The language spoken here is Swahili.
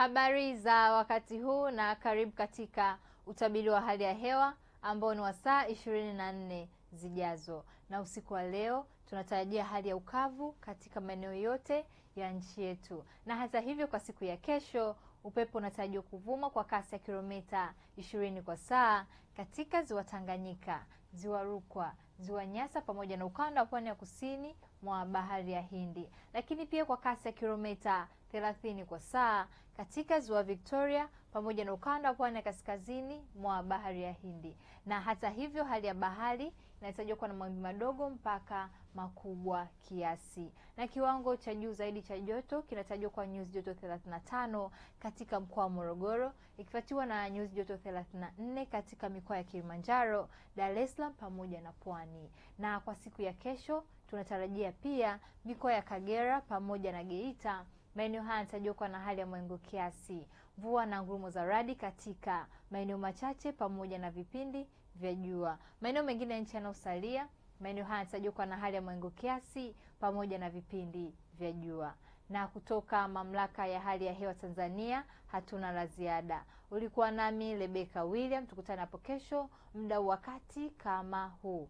Habari za wakati huu na karibu katika utabiri wa hali ya hewa ambao ni wa saa ishirini na nne zijazo. Na usiku wa leo tunatarajia hali ya ukavu katika maeneo yote ya nchi yetu, na hata hivyo kwa siku ya kesho Upepo unatarajiwa kuvuma kwa kasi ya kilomita 20 kwa saa katika ziwa Tanganyika, ziwa Rukwa, ziwa Nyasa pamoja na ukanda wa pwani ya kusini mwa bahari ya Hindi, lakini pia kwa kasi ya kilomita 30 kwa saa katika ziwa Victoria pamoja na ukanda wa pwani ya kaskazini mwa bahari ya Hindi. Na hata hivyo, hali ya bahari inatarajiwa kuwa na mawimbi madogo mpaka makubwa kiasi. Na kiwango cha juu zaidi cha joto kinatajwa kwa nyuzi joto 35 katika mkoa wa Morogoro, ikifuatiwa na nyuzi joto 34 katika mikoa ya Kilimanjaro, Dar es Salaam pamoja na Pwani. Na kwa siku ya kesho tunatarajia pia mikoa ya Kagera pamoja na Geita maeneo haya yanatajwa kuwa na hali ya mawingu kiasi, mvua na ngurumo za radi katika maeneo machache pamoja na vipindi vya jua. Maeneo mengine ya nchi yanayosalia Maeneo haya kuwa na hali ya mawingu kiasi pamoja na vipindi vya jua. Na kutoka Mamlaka ya Hali ya Hewa Tanzania hatuna la ziada. Ulikuwa nami Rebecca William, tukutane hapo kesho muda wakati kama huu.